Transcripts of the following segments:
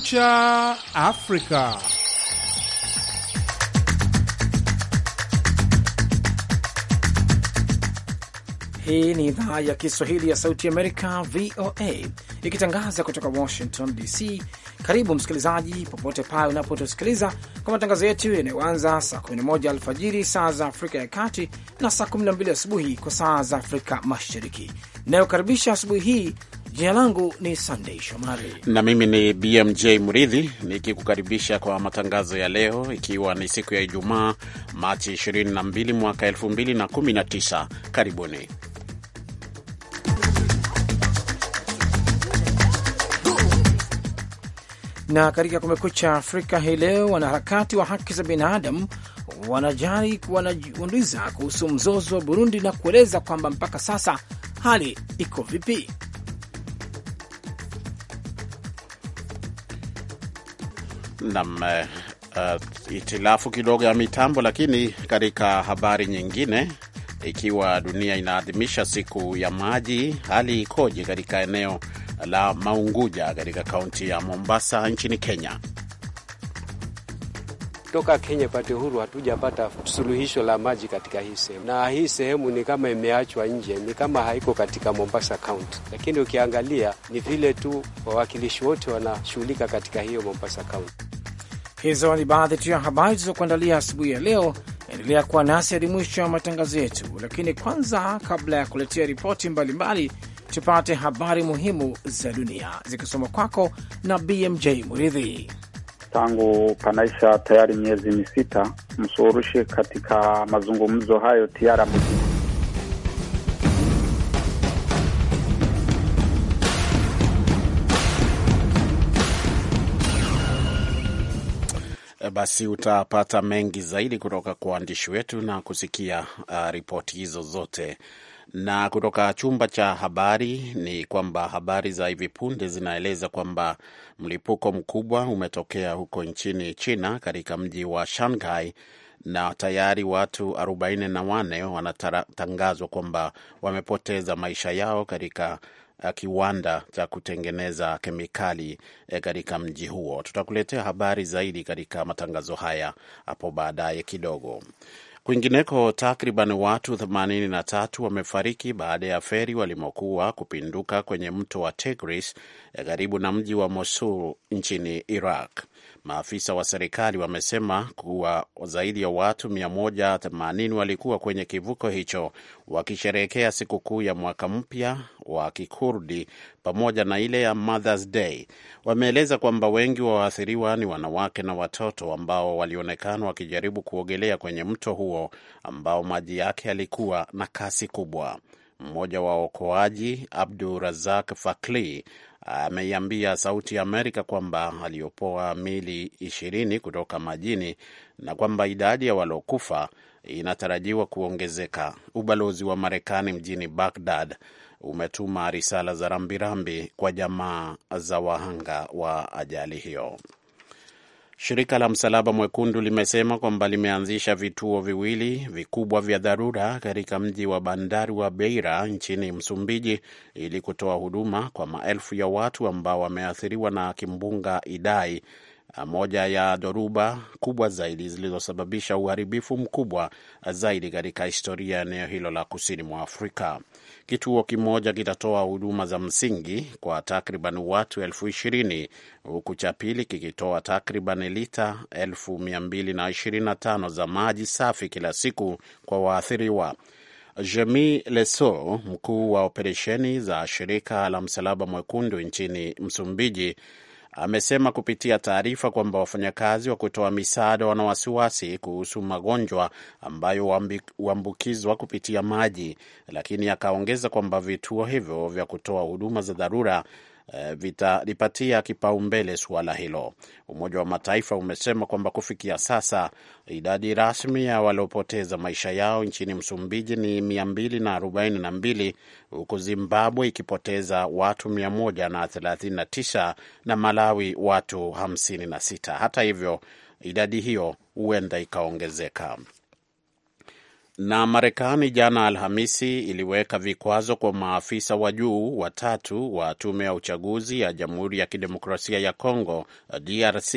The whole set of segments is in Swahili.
cha Afrika. Hii ni idhaa ya Kiswahili ya Sauti Amerika, VOA, ikitangaza kutoka Washington DC. Karibu msikilizaji, popote pale unapotusikiliza kwa matangazo yetu yanayoanza saa 11 alfajiri saa za Afrika ya Kati na saa 12 asubuhi kwa saa za Afrika Mashariki. Inayokaribisha asubuhi hii Jina langu ni sandey Shomari na mimi ni BMJ Mridhi nikikukaribisha kwa matangazo ya leo, ikiwa ni siku ya Ijumaa Machi 22 mwaka 2019. Karibuni na katika Kumekucha Afrika hii leo, wanaharakati wa haki za binadamu wanajari wanajiuliza kuhusu mzozo wa Burundi na kueleza kwamba mpaka sasa hali iko vipi? Nam uh, itilafu kidogo ya mitambo, lakini katika habari nyingine, ikiwa dunia inaadhimisha siku ya maji, hali ikoje katika eneo la Maunguja katika kaunti ya Mombasa nchini Kenya? Toka Kenya pate uhuru hatujapata suluhisho la maji katika hii sehemu, na hii sehemu ni kama imeachwa nje, ni kama haiko katika Mombasa kaunti. Lakini ukiangalia ni vile tu wawakilishi wote wanashughulika katika hiyo Mombasa kaunti. Hizo ni baadhi tu ya habari zilizokuandalia asubuhi ya leo. Endelea kuwa nasi hadi mwisho wa matangazo yetu, lakini kwanza, kabla ya kuletea ripoti mbalimbali, tupate habari muhimu za dunia zikisoma kwako na BMJ Muridhi. Tangu panaisha tayari miezi misita, msuhurushi katika mazungumzo hayo Tiara basi utapata mengi zaidi kutoka kwa waandishi wetu na kusikia uh, ripoti hizo zote. Na kutoka chumba cha habari ni kwamba habari za hivi punde zinaeleza kwamba mlipuko mkubwa umetokea huko nchini China katika mji wa Shanghai na tayari watu 44 wanatangazwa kwamba wamepoteza maisha yao katika Eh, kiwanda cha kutengeneza kemikali eh, katika mji huo. Tutakuletea habari zaidi katika matangazo haya hapo baadaye kidogo. Kwingineko, takriban watu 83 wamefariki baada ya feri walimokuwa kupinduka kwenye mto wa Tigris eh, karibu na mji wa Mosul nchini Iraq. Maafisa wa serikali wamesema kuwa zaidi ya watu 180 walikuwa kwenye kivuko hicho wakisherehekea sikukuu ya mwaka mpya wa Kikurdi pamoja na ile ya Mothers Day. Wameeleza kwamba wengi wa waathiriwa ni wanawake na watoto ambao walionekana wakijaribu kuogelea kwenye mto huo ambao maji yake yalikuwa na kasi kubwa. Mmoja wa waokoaji Abdu Razak Fakli ameiambia Sauti ya Amerika kwamba aliopoa mili ishirini kutoka majini na kwamba idadi ya waliokufa inatarajiwa kuongezeka. Ubalozi wa Marekani mjini Bagdad umetuma risala za rambirambi kwa jamaa za wahanga wa ajali hiyo. Shirika la Msalaba Mwekundu limesema kwamba limeanzisha vituo viwili vikubwa vya dharura katika mji wa bandari wa Beira nchini Msumbiji ili kutoa huduma kwa maelfu ya watu ambao wameathiriwa na kimbunga Idai Ah, moja ya dhoruba kubwa zaidi zilizosababisha uharibifu mkubwa zaidi katika historia ya eneo hilo la kusini mwa Afrika. Kituo kimoja kitatoa huduma za msingi kwa takriban watu elfu ishirini huku cha pili kikitoa takriban lita elfu mia mbili na ishirini na tano za maji safi kila siku kwa waathiriwa. Jemi Leso, mkuu wa operesheni za shirika la Msalaba Mwekundu nchini Msumbiji, amesema kupitia taarifa kwamba wafanyakazi wa kutoa misaada wana wasiwasi kuhusu magonjwa ambayo huambukizwa kupitia maji, lakini akaongeza kwamba vituo hivyo vya kutoa huduma za dharura Eh, vitalipatia kipaumbele suala hilo. Umoja wa Mataifa umesema kwamba kufikia sasa idadi rasmi ya waliopoteza maisha yao nchini Msumbiji ni 242 huku Zimbabwe ikipoteza watu 139 na, na Malawi watu 56. Hata hivyo idadi hiyo huenda ikaongezeka. Na Marekani jana Alhamisi iliweka vikwazo kwa maafisa wa juu watatu wa tume ya uchaguzi ya Jamhuri ya Kidemokrasia ya Kongo DRC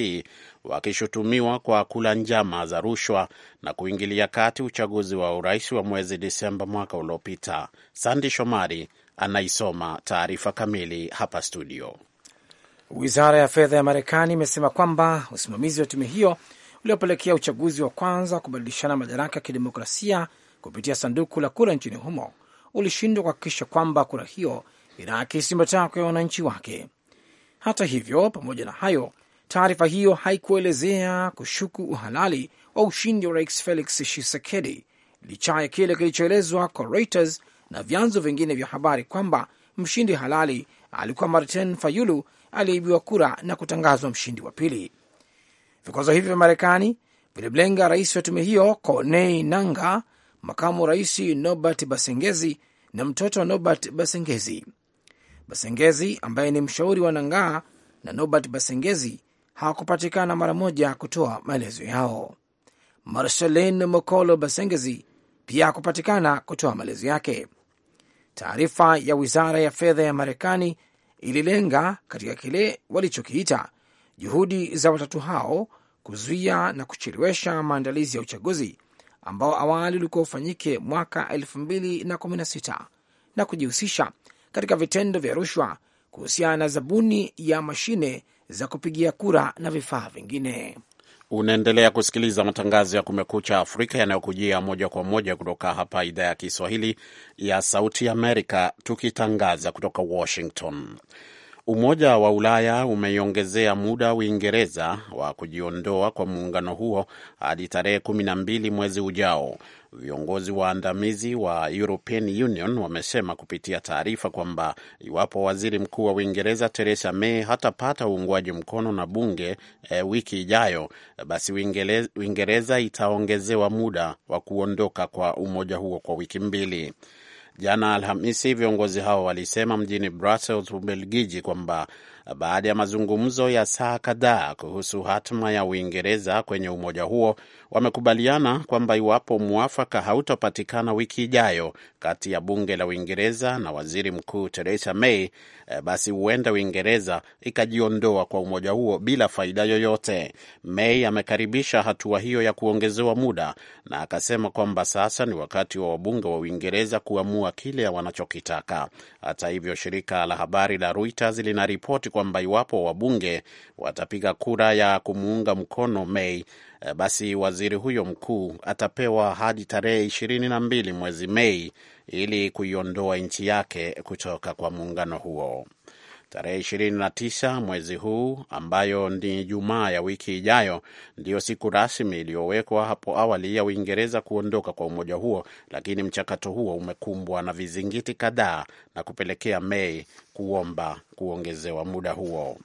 wakishutumiwa kwa kula njama za rushwa na kuingilia kati uchaguzi wa urais wa mwezi Disemba mwaka uliopita. Sandi Shomari anaisoma taarifa kamili hapa studio. Wizara ya fedha ya Marekani imesema kwamba usimamizi wa tume hiyo uliopelekea uchaguzi wa kwanza wa kubadilishana madaraka ya kidemokrasia kupitia sanduku la kura nchini humo ulishindwa kuhakikisha kwamba kura hiyo inaakisi matakwa ya wananchi wake. Hata hivyo, pamoja na hayo, taarifa hiyo haikuelezea kushuku uhalali wa ushindi wa rais Felix Tshisekedi licha ya kile kilichoelezwa kwa Reuters na vyanzo vingine vya habari kwamba mshindi halali alikuwa Martin Fayulu aliyeibiwa kura na kutangazwa mshindi wa pili. Vikwazo hivi vya Marekani vilimlenga rais wa tume hiyo Cornei Nanga, makamu rais Nobert Basengezi na mtoto wa Nobert Basengezi. Basengezi ambaye ni mshauri wa Nangaa na Nobert Basengezi hawakupatikana mara moja kutoa maelezo yao. Marcelin Mokolo Basengezi pia hakupatikana kutoa maelezo yake. Taarifa ya wizara ya fedha ya Marekani ililenga katika kile walichokiita Juhudi za watatu hao kuzuia na kuchelewesha maandalizi ya uchaguzi ambao awali ulikuwa ufanyike mwaka 2016 na, na kujihusisha katika vitendo vya rushwa kuhusiana na zabuni ya mashine za kupigia kura na vifaa vingine. Unaendelea kusikiliza matangazo ya Kumekucha Afrika yanayokujia moja kwa moja kutoka hapa idhaa ya Kiswahili ya Sauti Amerika, tukitangaza kutoka Washington. Umoja wa Ulaya umeiongezea muda Uingereza wa kujiondoa kwa muungano huo hadi tarehe kumi na mbili mwezi ujao. Viongozi waandamizi wa European Union wamesema kupitia taarifa kwamba iwapo waziri mkuu wa Uingereza Theresa May hatapata uungwaji mkono na bunge e, wiki ijayo, basi Uingereza itaongezewa muda wa kuondoka kwa umoja huo kwa wiki mbili. Jana Alhamisi, viongozi hao walisema mjini Brussels, Ubelgiji, kwamba baada ya mazungumzo ya saa kadhaa kuhusu hatma ya Uingereza kwenye umoja huo, wamekubaliana kwamba iwapo mwafaka hautapatikana wiki ijayo kati ya bunge la Uingereza na waziri mkuu Theresa May, eh, basi huenda Uingereza ikajiondoa kwa umoja huo bila faida yoyote. May amekaribisha hatua hiyo ya kuongezewa muda na akasema kwamba sasa ni wakati wa wabunge wa Uingereza kuamua kile wanachokitaka. Hata hivyo, shirika la habari la Reuters linaripoti kwamba iwapo wabunge watapiga kura ya kumuunga mkono Mei, eh, basi waziri huyo mkuu atapewa hadi tarehe ishirini na mbili mwezi Mei ili kuiondoa nchi yake kutoka kwa muungano huo. Tarehe 29 mwezi huu ambayo ni Jumaa ya wiki ijayo ndiyo siku rasmi iliyowekwa hapo awali ya Uingereza kuondoka kwa umoja huo, lakini mchakato huo umekumbwa na vizingiti kadhaa na kupelekea Mei kuomba kuongezewa muda huo.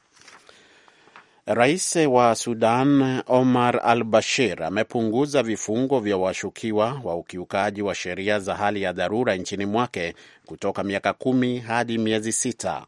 Rais wa Sudan Omar al Bashir amepunguza vifungo vya washukiwa wa ukiukaji wa sheria za hali ya dharura nchini mwake kutoka miaka kumi hadi miezi sita.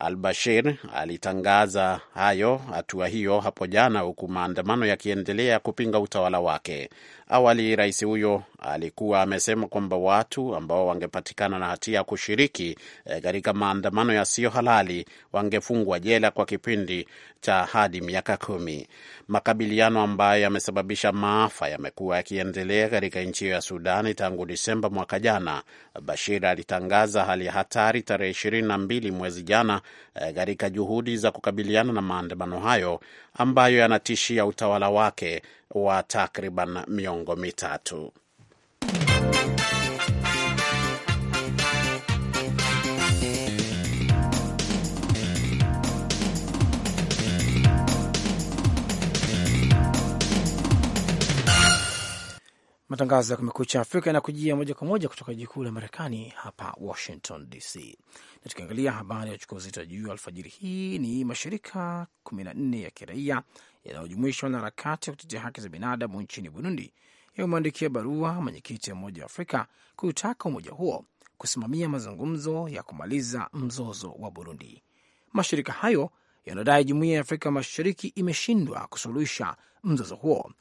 Al Bashir alitangaza hayo hatua hiyo hapo jana, huku maandamano yakiendelea kupinga utawala wake. Awali rais huyo alikuwa amesema kwamba watu ambao wangepatikana na hatia ya kushiriki eh, katika e, maandamano yasiyo halali wangefungwa jela kwa kipindi cha hadi miaka kumi. Makabiliano ambayo yamesababisha maafa yamekuwa yakiendelea katika nchi hiyo ya Sudani tangu Disemba mwaka jana. Bashir alitangaza hali ya hatari tarehe ishirini na mbili mwezi jana eh, katika e, juhudi za kukabiliana na maandamano hayo ambayo yanatishia utawala wake wa takriban miongo mitatu. Matangazo ya Kumekucha Afrika yanakujia moja kwa moja kutoka jiji kuu la Marekani, hapa Washington DC. Na tukiangalia habari ya uchukua uzito juu alfajiri hii, ni mashirika 14 ya kiraia yanayojumuishwa na harakati ya kutetea haki za binadamu nchini Burundi yamemwandikia barua mwenyekiti ya Umoja wa Afrika kuutaka umoja huo kusimamia mazungumzo ya kumaliza mzozo wa Burundi. Mashirika hayo yanadai jumuiya ya Afrika Mashariki imeshindwa kusuluhisha mzozo huo.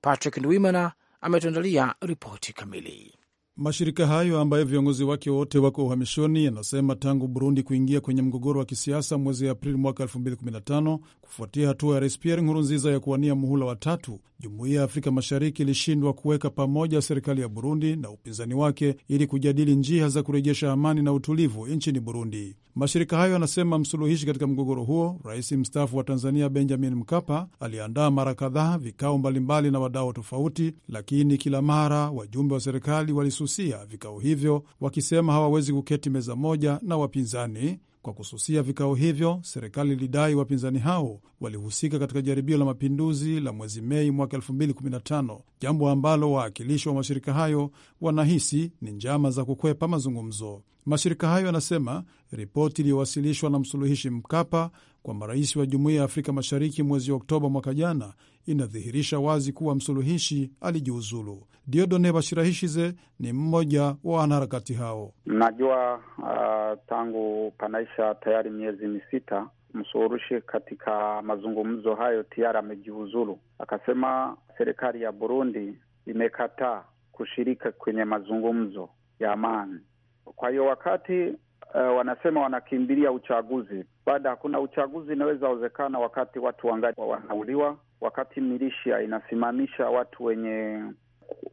Patrick Ndwimana ametuandalia ripoti kamili. Mashirika hayo ambayo viongozi wake wote wako uhamishoni yanasema tangu Burundi kuingia kwenye mgogoro wa kisiasa mwezi Aprili mwaka 2015 kufuatia hatua ya Rais Pierre Nkurunziza ya kuwania muhula wa tatu, jumuiya ya Afrika Mashariki ilishindwa kuweka pamoja serikali ya Burundi na upinzani wake ili kujadili njia za kurejesha amani na utulivu nchini Burundi. Mashirika hayo yanasema msuluhishi katika mgogoro huo, rais mstaafu wa Tanzania Benjamin Mkapa, aliandaa mara kadhaa vikao mbalimbali na wadau tofauti, lakini kila mara wajumbe wa serikali walisusia vikao hivyo, wakisema hawawezi kuketi meza moja na wapinzani kwa kususia vikao hivyo, serikali ilidai wapinzani hao walihusika katika jaribio la mapinduzi la mwezi Mei mwaka 2015, jambo ambalo wawakilishi wa mashirika hayo wanahisi ni njama za kukwepa mazungumzo. Mashirika hayo yanasema ripoti iliyowasilishwa na msuluhishi Mkapa kwa marais wa Jumuiya ya Afrika Mashariki mwezi Oktoba mwaka jana inadhihirisha wazi kuwa msuluhishi alijiuzulu. Diodone Bashirahishize ni mmoja wa wanaharakati hao. Mnajua uh, tangu panaisha tayari miezi misita msuhurushi katika mazungumzo hayo tayari amejiuzulu. Akasema serikali ya Burundi imekataa kushirika kwenye mazungumzo ya amani. Kwa hiyo wakati uh, wanasema wanakimbilia uchaguzi. Baada kuna uchaguzi inaweza wezekana, wakati watu wangali wanauliwa, wakati milisha inasimamisha watu wenye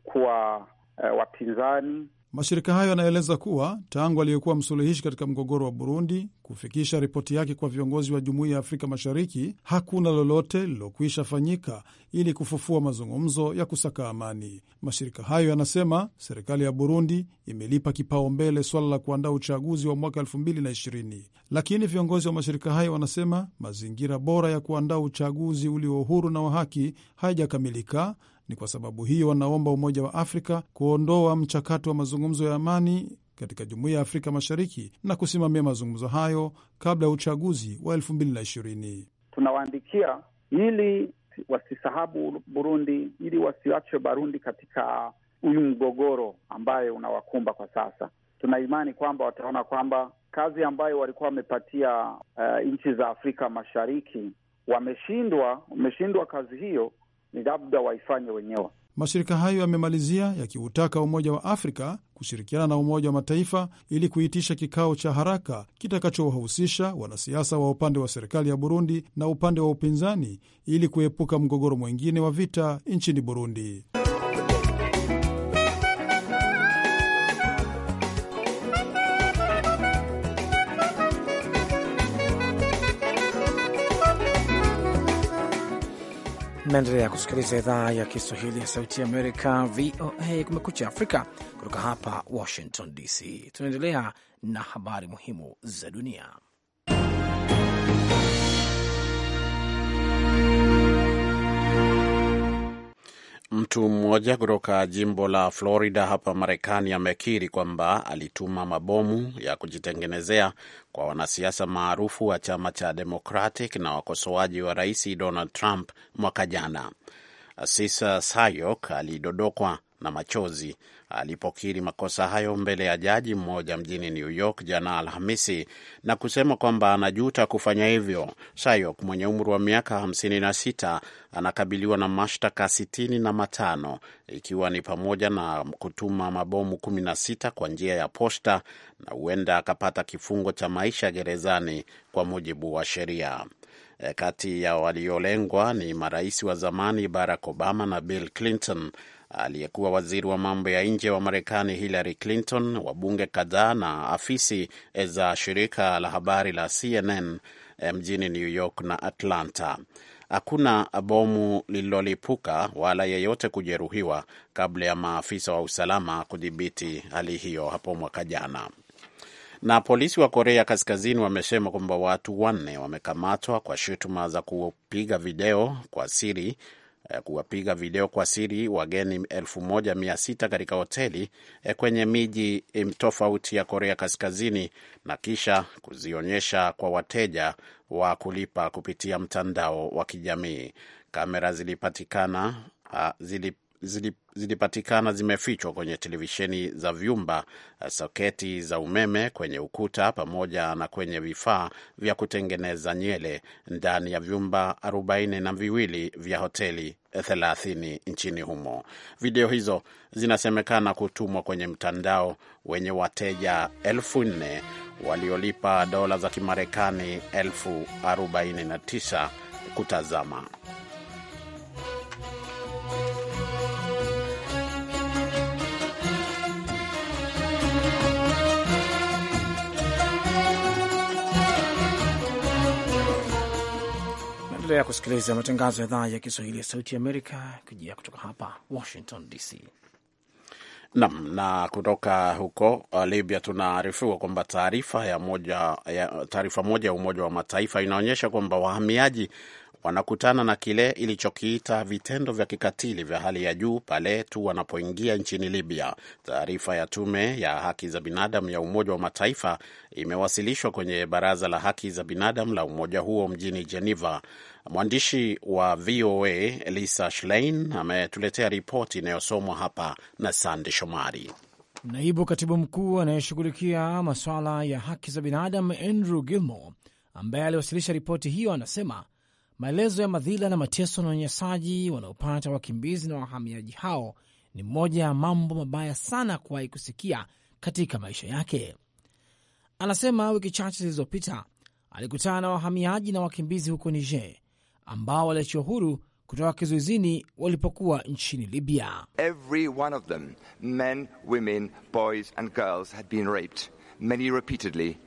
kuwa uh, wapinzani Mashirika hayo yanaeleza kuwa tangu aliyekuwa msuluhishi katika mgogoro wa Burundi kufikisha ripoti yake kwa viongozi wa Jumuiya ya Afrika Mashariki, hakuna lolote lililokwisha fanyika ili kufufua mazungumzo ya kusaka amani. Mashirika hayo yanasema serikali ya Burundi imelipa kipaumbele swala la kuandaa uchaguzi wa mwaka 2020 lakini viongozi wa mashirika hayo wanasema mazingira bora ya kuandaa uchaguzi ulio huru na wa haki hayajakamilika ni kwa sababu hiyo wanaomba Umoja wa Afrika kuondoa mchakato wa mazungumzo ya amani katika Jumuiya ya Afrika Mashariki na kusimamia mazungumzo hayo kabla ya uchaguzi wa elfu mbili na ishirini. Tunawaandikia ili wasisahabu Burundi, ili wasiwache Barundi katika huyu mgogoro ambayo unawakumba kwa sasa. Tuna imani kwamba wataona kwamba kazi ambayo walikuwa wamepatia uh, nchi za Afrika Mashariki wameshindwa, wameshindwa kazi hiyo ni labda waifanye wenyewe. Mashirika hayo yamemalizia yakiutaka Umoja wa Afrika kushirikiana na Umoja wa Mataifa ili kuitisha kikao cha haraka kitakachowahusisha wanasiasa wa upande wa serikali ya Burundi na upande wa upinzani ili kuepuka mgogoro mwingine wa vita nchini Burundi. Naendelea kusikiliza idhaa ya Kiswahili ya Sauti ya Amerika, VOA, Kumekucha Afrika, kutoka hapa Washington DC. Tunaendelea na habari muhimu za dunia. Mtu mmoja kutoka jimbo la Florida hapa Marekani amekiri kwamba alituma mabomu ya kujitengenezea kwa wanasiasa maarufu wa chama cha Democratic na wakosoaji wa rais Donald Trump mwaka jana. Asisa Sayok alidodokwa na machozi alipokiri makosa hayo mbele ya jaji mmoja mjini New York jana Alhamisi na kusema kwamba anajuta kufanya hivyo. Shayok mwenye umri wa miaka 56 anakabiliwa na mashtaka 65 na matano ikiwa ni pamoja na kutuma mabomu 16 kwa njia ya posta na huenda akapata kifungo cha maisha gerezani kwa mujibu wa sheria. E, kati ya waliolengwa ni marais wa zamani Barack Obama na Bill Clinton aliyekuwa waziri wa mambo ya nje wa Marekani Hillary Clinton, wabunge kadhaa na afisi za shirika la habari la CNN eh, mjini New York na Atlanta. Hakuna bomu lililolipuka wala yeyote kujeruhiwa kabla ya maafisa wa usalama kudhibiti hali hiyo hapo mwaka jana. Na polisi wa Korea Kaskazini wamesema kwamba watu wanne wamekamatwa kwa shutuma za kupiga video kwa siri Eh, kuwapiga video kwa siri wageni 1600 katika hoteli eh, kwenye miji tofauti ya Korea Kaskazini na kisha kuzionyesha kwa wateja wa kulipa kupitia mtandao wa kijamii. Kamera zilipatikana ah, zilip zilipatikana zimefichwa kwenye televisheni za vyumba, eh, soketi za umeme kwenye ukuta, pamoja na kwenye vifaa vya kutengeneza nywele ndani ya vyumba arobaini na viwili vya hoteli eh, thelathini nchini humo. Video hizo zinasemekana kutumwa kwenye mtandao wenye wateja elfu nne waliolipa dola za Kimarekani elfu arobaini na tisa kutazama. Unaendelea kusikiliza matangazo ya idhaa ya Kiswahili ya Sauti Amerika kujia kutoka hapa Washington DC. Nam na kutoka huko uh, Libya tunaarifiwa kwamba taarifa ya moja ya taarifa moja ya Umoja wa Mataifa inaonyesha kwamba wahamiaji wanakutana na kile ilichokiita vitendo vya kikatili vya hali ya juu pale tu wanapoingia nchini Libya. Taarifa ya tume ya haki za binadamu ya Umoja wa Mataifa imewasilishwa kwenye Baraza la Haki za Binadamu la umoja huo mjini Geneva Mwandishi wa VOA Lisa Schlein ametuletea ripoti inayosomwa hapa na Sande Shomari. Naibu katibu mkuu anayeshughulikia masuala ya haki za binadamu Andrew Gilmore, ambaye aliwasilisha ripoti hiyo, anasema maelezo ya madhila na mateso na unyanyasaji wanaopata wakimbizi na wahamiaji hao ni moja ya mambo mabaya sana kuwahi kusikia katika maisha yake. Anasema wiki chache zilizopita alikutana na wahamiaji na wakimbizi huko Niger ambao waliachiwa huru kutoka kizuizini walipokuwa nchini Libya. Every one of them, men, women, boys and girls had been raped, many repeatedly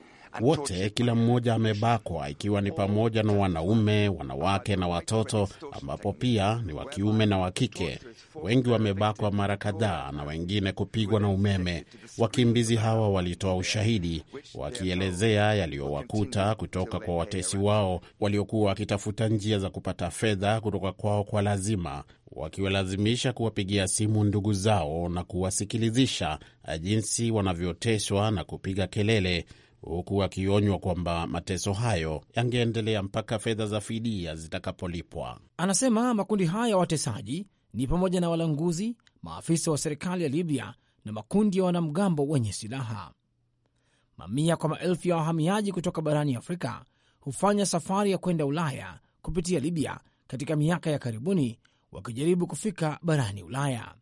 wote kila mmoja amebakwa, ikiwa ni pamoja na wanaume, wanawake na watoto, ambapo pia ni wa kiume na wa kike. Wengi wamebakwa mara kadhaa na wengine kupigwa na umeme. Wakimbizi hawa walitoa ushahidi wakielezea yaliyowakuta kutoka kwa watesi wao waliokuwa wakitafuta njia za kupata fedha kutoka kwao kwa lazima, wakiwalazimisha kuwapigia simu ndugu zao na kuwasikilizisha jinsi wanavyoteswa na kupiga kelele huku akionywa kwamba mateso hayo yangeendelea mpaka fedha za fidia zitakapolipwa. Anasema makundi haya ya watesaji ni pamoja na walanguzi, maafisa wa serikali ya Libya na makundi ya wanamgambo wenye silaha. Mamia kwa maelfu ya wahamiaji kutoka barani Afrika hufanya safari ya kwenda Ulaya kupitia Libya katika miaka ya karibuni, wakijaribu kufika barani Ulaya.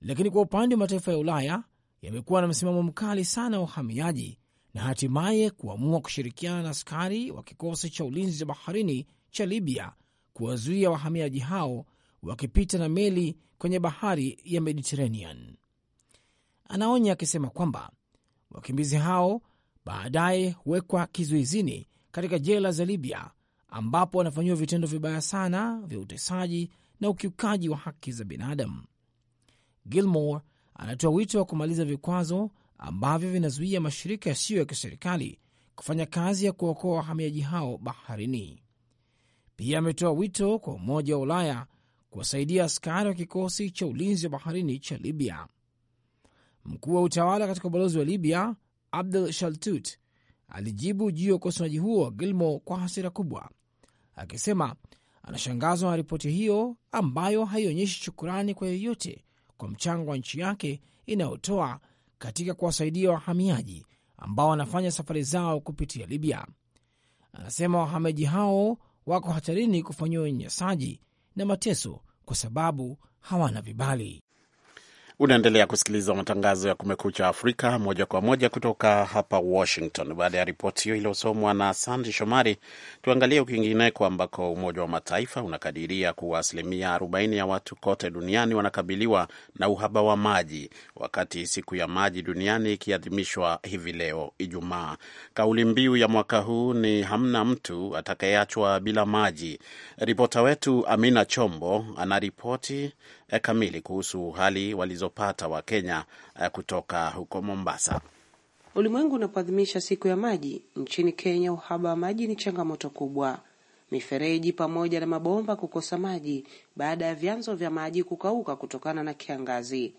Lakini kwa upande wa mataifa ya Ulaya yamekuwa na msimamo mkali sana wa uhamiaji na hatimaye kuamua kushirikiana na askari wa kikosi cha ulinzi wa baharini cha Libya kuwazuia wahamiaji hao wakipita na meli kwenye bahari ya Mediterranean. Anaonya akisema kwamba wakimbizi hao baadaye huwekwa kizuizini katika jela za Libya ambapo wanafanyiwa vitendo vibaya sana vya utesaji na ukiukaji wa haki za binadamu. Gilmore anatoa wito wa kumaliza vikwazo ambavyo vinazuia mashirika yasiyo ya kiserikali kufanya kazi ya kuokoa wahamiaji hao baharini. Pia ametoa wito kwa Umoja wa Ulaya kuwasaidia askari wa kikosi cha ulinzi wa baharini cha Libya. Mkuu wa utawala katika ubalozi wa Libya Abdul Shaltut alijibu juu ya ukosoaji huo wa gilmo kwa hasira kubwa, akisema anashangazwa na ripoti hiyo ambayo haionyeshi shukurani kwa yoyote kwa mchango wa nchi yake inayotoa katika kuwasaidia wahamiaji ambao wanafanya safari zao kupitia Libya. Anasema wahamiaji hao wako hatarini kufanyiwa unyanyasaji na mateso kwa sababu hawana vibali. Unaendelea kusikiliza matangazo ya Kumekucha Afrika moja kwa moja kutoka hapa Washington. Baada ya ripoti hiyo iliyosomwa na Sandi Shomari, tuangalie kwingineko ambako Umoja wa Mataifa unakadiria kuwa asilimia 40 ya watu kote duniani wanakabiliwa na uhaba wa maji, wakati siku ya maji duniani ikiadhimishwa hivi leo Ijumaa. Kauli mbiu ya mwaka huu ni hamna mtu atakayeachwa bila maji. Ripota wetu Amina Chombo anaripoti Eh, kamili kuhusu hali walizopata Wakenya eh, kutoka huko Mombasa. Ulimwengu unapoadhimisha siku ya maji, nchini Kenya uhaba wa maji ni changamoto kubwa. Mifereji pamoja na mabomba kukosa maji baada ya vyanzo vya maji kukauka kutokana na kiangazi.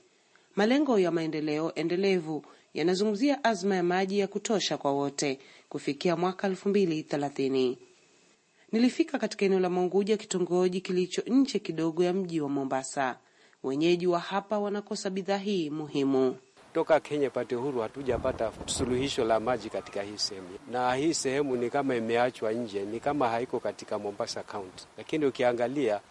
Malengo ya maendeleo endelevu yanazungumzia azma ya maji ya kutosha kwa wote kufikia mwaka elfu mbili thelathini. Nilifika katika eneo la Mwanguja, kitongoji kilicho nje kidogo ya mji wa Mombasa. Wenyeji wa hapa wanakosa bidhaa hii muhimu. Toka Kenya pate huru hatujapata suluhisho la maji katika hii sehemu, na hii sehemu ni kama imeachwa nje, ni kama haiko katika Mombasa kaunti Lakini ukiangalia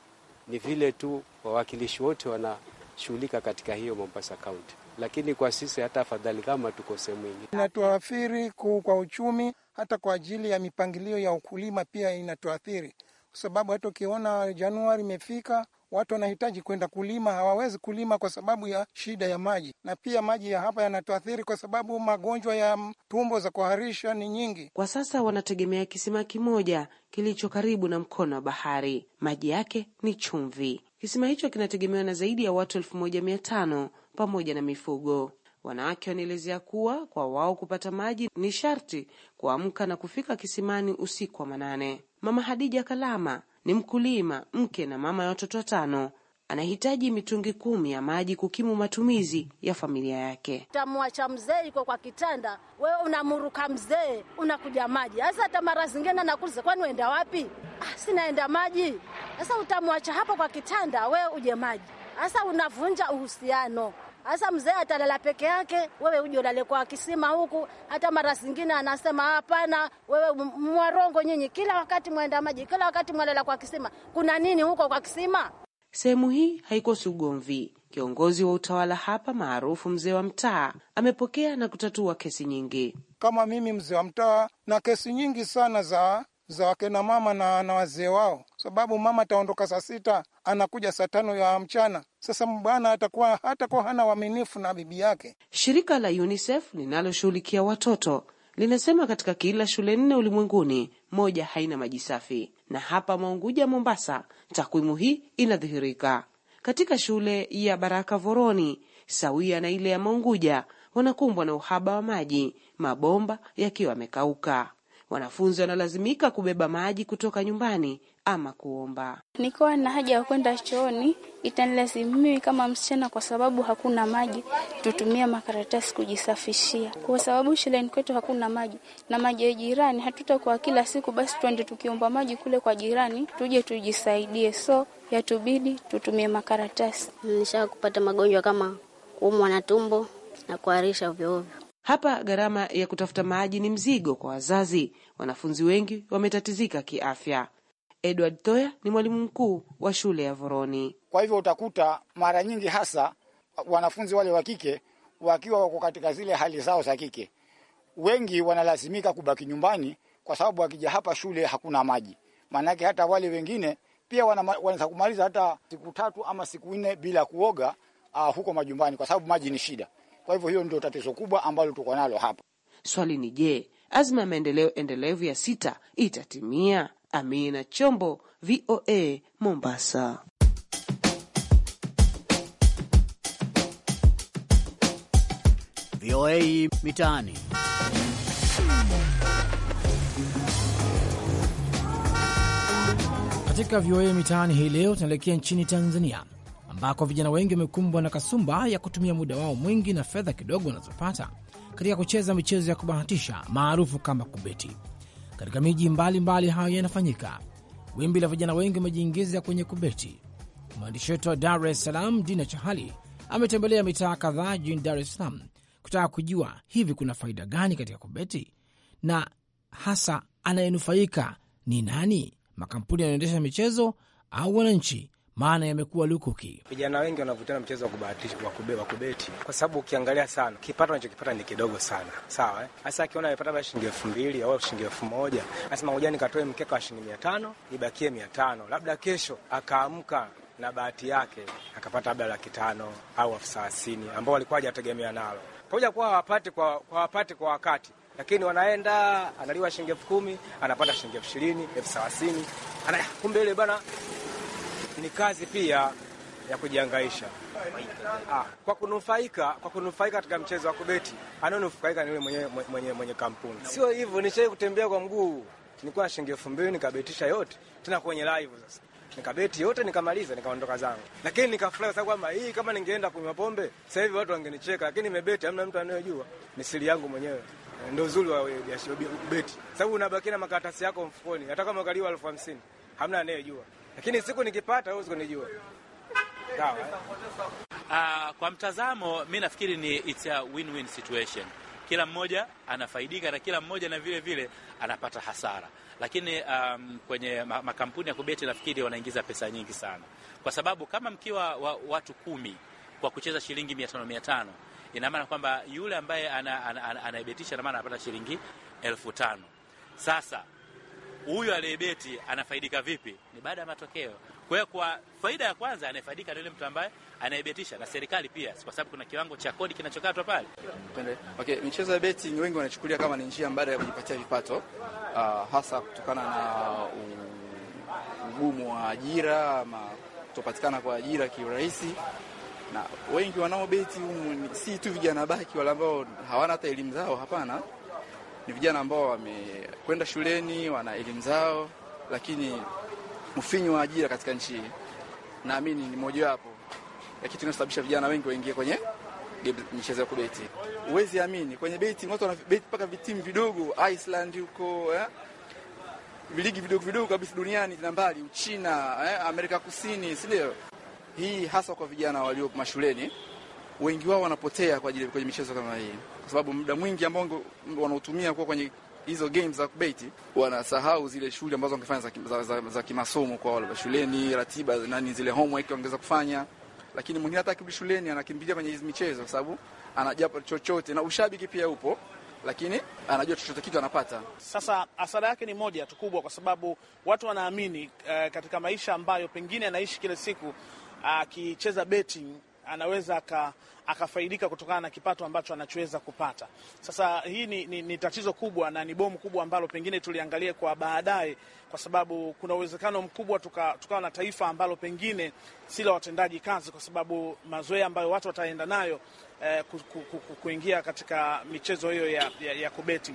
ni vile tu wawakilishi wote wanashughulika katika hiyo Mombasa kaunti lakini kwa sisi hata afadhali kama tuko sehemu ingine, kuu kwa uchumi hata kwa ajili ya mipangilio ya ukulima pia inatuathiri, kwa sababu hata ukiona Januari imefika watu wanahitaji kwenda kulima, hawawezi kulima kwa sababu ya shida ya maji, na pia maji ya hapa yanatuathiri kwa sababu magonjwa ya tumbo za kuharisha ni nyingi. Kwa sasa wanategemea kisima kimoja kilicho karibu na mkono wa bahari, maji yake ni chumvi. Kisima hicho kinategemewa na zaidi ya watu elfu moja mia tano pamoja na mifugo. Wanawake wanaelezea kuwa kwa wao kupata maji ni sharti kuamka na kufika kisimani usiku wa manane. Mama Hadija Kalama ni mkulima, mke na mama ya watoto watano. Anahitaji mitungi kumi ya maji kukimu matumizi ya familia yake. Tamwacha mzee iko kwa kitanda, wewe unamuruka mzee, unakuja maji. Sasa hata mara zingine nakuuliza, kwani uenda wapi? Ah, sinaenda maji. Sasa utamwacha hapo kwa kitanda, wewe uje maji. Sasa unavunja uhusiano hasa mzee atalala peke yake, wewe uje ulale kwa kisima huku. Hata mara zingine anasema hapana, wewe mwarongo nyinyi, kila wakati mwenda maji, kila wakati mwalala kwa kisima. Kuna nini huko kwa kisima? Sehemu hii haikosi ugomvi. Kiongozi wa utawala hapa maarufu mzee wa mtaa amepokea na kutatua kesi nyingi. Kama mimi mzee wa mtaa na kesi nyingi sana za za wakina mama na, na wazee wao sababu mama ataondoka saa sita anakuja saa tano ya mchana. Sasa bwana atakuwa hatakuwa hana uaminifu na bibi yake. Shirika la UNICEF linaloshughulikia watoto linasema katika kila shule nne ulimwenguni moja haina maji safi, na hapa maunguja Mombasa, takwimu hii inadhihirika katika shule ya Baraka Voroni sawia na ile ya Maunguja wanakumbwa na uhaba wa maji, mabomba yakiwa yamekauka wanafunzi wanalazimika kubeba maji kutoka nyumbani ama kuomba. Nikiwa na haja ya kwenda chooni, itanilazimu mimi kama msichana, kwa sababu hakuna maji, tutumia makaratasi kujisafishia, kwa sababu shuleni kwetu hakuna maji na maji ya jirani hatutakuwa kila siku, basi twende tukiomba maji kule kwa jirani, tuje tujisaidie, so yatubidi tutumie makaratasi. Nisha kupata magonjwa kama kuumwa na tumbo na kuharisha ovyoovyo. Hapa gharama ya kutafuta maji ni mzigo kwa wazazi, wanafunzi wengi wametatizika kiafya. Edward Toya ni mwalimu mkuu wa shule ya Voroni. Kwa hivyo utakuta mara nyingi hasa wanafunzi wale wa kike wakiwa wako katika zile hali zao za kike, wengi wanalazimika kubaki nyumbani kwa sababu wakija hapa shule hakuna maji. Maanake hata wale wengine pia wanaweza kumaliza hata siku tatu ama siku nne bila kuoga, uh, huko majumbani kwa sababu maji ni shida. Kwa hivyo hiyo ndio tatizo kubwa ambalo tuko nalo hapa. Swali ni je, azma ya maendeleo endelevu ya sita itatimia? Amina Chombo, VOA, Mombasa. VOA Mitaani. Katika VOA Mitaani hii leo tunaelekea nchini Tanzania ambako vijana wengi wamekumbwa na kasumba ya kutumia muda wao mwingi na fedha kidogo wanazopata katika kucheza michezo ya kubahatisha maarufu kama kubeti. Katika miji mbalimbali hayo yanafanyika, wimbi la vijana wengi wamejiingiza kwenye kubeti. Mwandishi wetu wa Dar es Salaam Dina Chahali ametembelea mitaa kadhaa jijini Dar es Salaam kutaka kujua hivi kuna faida gani katika kubeti na hasa anayenufaika ni nani, makampuni yanayoendesha michezo au wananchi maana yamekuwa lukuki. Vijana wengi wanavutana mchezo wa kubahatisha, wa kubeti, kwa sababu ukiangalia sana kipato anachokipata ni kidogo sana, sawa eh? Hasa akiona amepata labda shilingi elfu mbili au shilingi elfu moja anasema ngoja nikatoe mkeka wa shilingi mia tano nibakie mia tano labda kesho akaamka na bahati yake akapata labda laki tano au elfu thelathini ambao walikuwa hajategemea nalo, pamoja kuwa hawapati kwa, kwa wapati kwa wakati lakini wanaenda analiwa shilingi elfu kumi anapata shilingi elfu ishirini elfu thelathini kumbe ile bana ni kazi pia ya kujihangaisha ah, kwa kunufaika kwa kunufaika katika mchezo wa kubeti, anaonufaika ni yule mwenye, mwenye, mwenye kampuni. Sio hivyo, nishai kutembea kwa mguu, nilikuwa na shilingi elfu mbili nikabetisha yote, tena kwenye live sasa nikabeti yote nikamaliza, nikaondoka zangu, lakini nikafurahi sababu kwamba hii kama ningeenda kunywa pombe sasa hivi watu wangenicheka, lakini nimebeti, hamna mtu anayejua, ni siri yangu mwenyewe. Ndio uzuri wa biashara beti, sababu unabaki na makaratasi yako mfukoni, hata kama ukaliwa elfu hamsini hamna anayejua lakini siku nikipata huwezi kunijua. Sawa. Uh, kwa mtazamo mi nafikiri ni it's a win-win situation. Kila mmoja anafaidika na kila mmoja na vile vile anapata hasara, lakini um, kwenye makampuni ya kubeti nafikiri wanaingiza pesa nyingi sana, kwa sababu kama mkiwa wa, watu kumi kwa kucheza shilingi mia tano mia tano ina maana kwamba yule ambaye anaibetisha ana, ana, ana, ana, ana, anapata shilingi elfu tano sasa huyu aliyebeti anafaidika vipi, ni baada ya matokeo. Kwa hiyo kwa faida ya kwanza anayefaidika ni yule mtu ambaye anayebetisha na serikali pia, kwa sababu kuna kiwango cha kodi kinachokatwa pale. Okay, michezo ya beti wengi wanachukulia kama ni njia mbadala ya kujipatia vipato, uh, hasa kutokana na ugumu wa ajira ama kutopatikana kwa ajira kiurahisi na wengi wanaobeti si tu vijana baki wale ambao hawana hata elimu zao, hapana, ni vijana ambao wamekwenda shuleni, wana elimu zao, lakini ufinyu wa ajira katika nchi hii naamini ni mojawapo ya kitu kinachosababisha vijana wengi waingie kwenye michezo ya kubeti. Huwezi amini, kwenye beti watu wanabeti mpaka vitimu vidogo Iceland huko eh? viligi vidogo vidogo kabisa duniani na mbali Uchina eh? Amerika Kusini, si ndio? Hii hasa kwa vijana walio mashuleni wengi wao wanapotea kwa ajili kwenye michezo kama hii, kwa sababu muda mwingi ambao wanaotumia kuwa kwenye hizo games za kubeti wanasahau zile shughuli ambazo wangefanya za, za, za, za kimasomo kwa wale shuleni, ratiba nani, zile homework wangeweza kufanya. Lakini mwingine hata akirudi shuleni anakimbilia kwenye hizo michezo, kwa sababu anajapa chochote na ushabiki pia upo lakini anajua chochote kitu anapata. Sasa hasara yake ni moja tu kubwa, kwa sababu watu wanaamini uh, katika maisha ambayo pengine anaishi kila siku akicheza uh, betting anaweza akafaidika kutokana na kipato ambacho anachoweza kupata. Sasa hii ni, ni, ni tatizo kubwa na ni bomu kubwa ambalo pengine tuliangalia kwa baadaye, kwa sababu kuna uwezekano mkubwa tukawa tuka na taifa ambalo pengine si la watendaji kazi, kwa sababu mazoea ambayo watu wataenda nayo eh, kuingia katika michezo hiyo ya, ya, ya kubeti.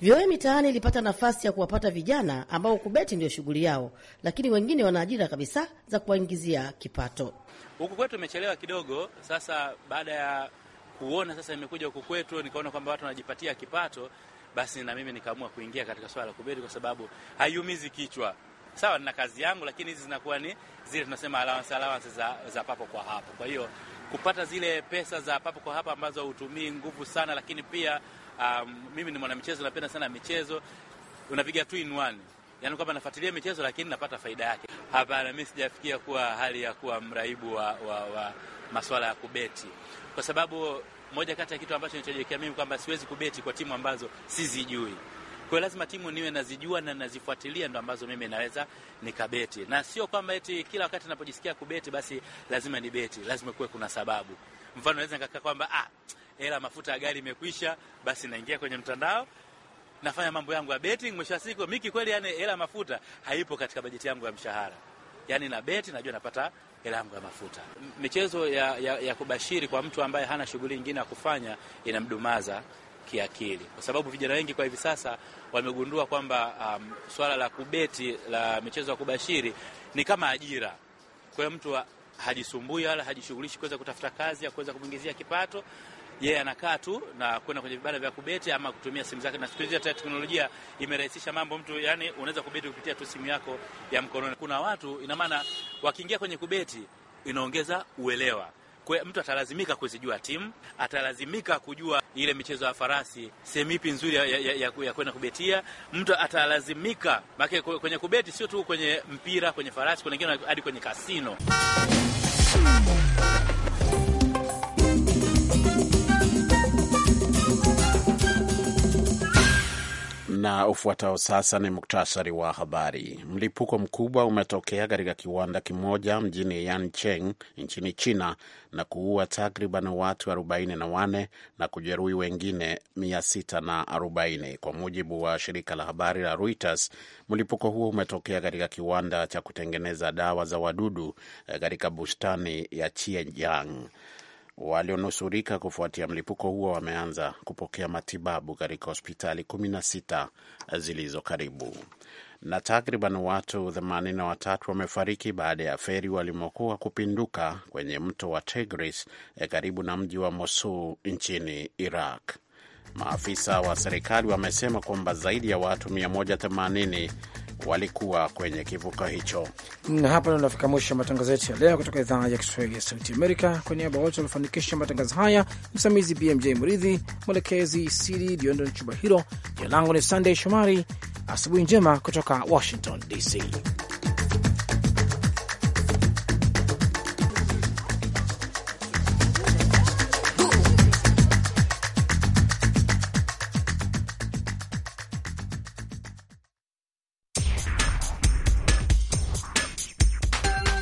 Vyoe mitaani ilipata nafasi ya kuwapata vijana ambao kubeti ndio shughuli yao, lakini wengine wana ajira kabisa za kuwaingizia kipato. Huku kwetu imechelewa kidogo. Sasa baada ya kuona sasa imekuja huku kwetu, nikaona kwamba watu wanajipatia kipato, basi na mimi nikaamua kuingia katika swala la kubeti, kwa sababu haiumizi kichwa. Sawa, nina kazi yangu, lakini hizi zinakuwa ni zile tunasema allowance, allowance za, za papo kwa hapo. Kwa hiyo kupata zile pesa za papo kwa hapo ambazo hutumii nguvu sana, lakini pia um, mimi ni mwanamichezo, napenda sana michezo, unapiga tu in one yani kwamba nafuatilia michezo lakini napata faida yake. Hapana, mi sijafikia kuwa hali ya kuwa mraibu wa, wa, wa maswala ya kubeti, kwa sababu moja kati ya kitu ambacho nilichojiwekea mimi kwamba siwezi kubeti kwa timu ambazo sizijui. Kwa lazima timu niwe nazijua na nazifuatilia, ndo ambazo mimi naweza nikabeti, na sio kwamba eti kila wakati napojisikia kubeti basi lazima ni beti. Lazima kuwe kuna sababu. Mfano naweza nikakaa kwamba ah, hela mafuta ya gari imekwisha, basi naingia kwenye mtandao nafanya mambo yangu ya betting, mwisho wa siku miki kweli, yani hela mafuta haipo katika bajeti yangu ya mshahara, yani na beti najua napata hela yangu ya mafuta. Michezo ya, ya, ya kubashiri kwa mtu ambaye hana shughuli nyingine ya kufanya inamdumaza kiakili kwa sababu vijana wengi kwa hivi sasa wamegundua kwamba um, swala la kubeti la michezo ya kubashiri ni kama ajira. Kwa hiyo mtu wa, hajisumbui wala hajishughulishi kuweza kutafuta kazi ya kuweza kumwingizia kipato, yeye anakaa tu na kwenda kwenye vibanda vya kubeti ama kutumia simu zake, na siku hizi hata teknolojia imerahisisha mambo. Mtu yani, unaweza kubeti kupitia tu simu yako ya mkononi. Kuna watu ina maana wakiingia kwenye kubeti inaongeza uelewa kwa mtu, atalazimika kuzijua timu, atalazimika kujua ile michezo ya farasi, sehemu ipi nzuri ya, ya, ya, ya kwenda kubetia. Mtu atalazimika maana kwenye kubeti sio tu kwenye mpira, kwenye farasi, kuna wengine hadi kwenye kasino Na ufuatao sasa ni muktasari wa habari. Mlipuko mkubwa umetokea katika kiwanda kimoja mjini Yancheng nchini China na kuua takriban watu 44 na kujeruhi wengine 640 kwa mujibu wa shirika la habari la Reuters. Mlipuko huo umetokea katika kiwanda cha kutengeneza dawa za wadudu eh, katika bustani ya Chienjiang walionusurika kufuatia mlipuko huo wameanza kupokea matibabu katika hospitali 16 zilizo karibu. Na takriban watu 83 wamefariki baada ya feri walimokuwa kupinduka kwenye mto wa Tigris eh, karibu na mji wa Mosul nchini Iraq. Maafisa wa serikali wamesema kwamba zaidi ya watu 180 walikuwa kwenye kivuko hicho. Na hapa ndo nafika mwisho wa matangazo yetu ya leo kutoka idhaa ya Kiswahili ya Sauti Amerika. Kwa niaba wote waliofanikisha matangazo haya, msimamizi BMJ Mridhi, mwelekezi Siri Diondon Chubahiro, jina langu ni Sandey Shomari. Asubuhi njema kutoka Washington DC.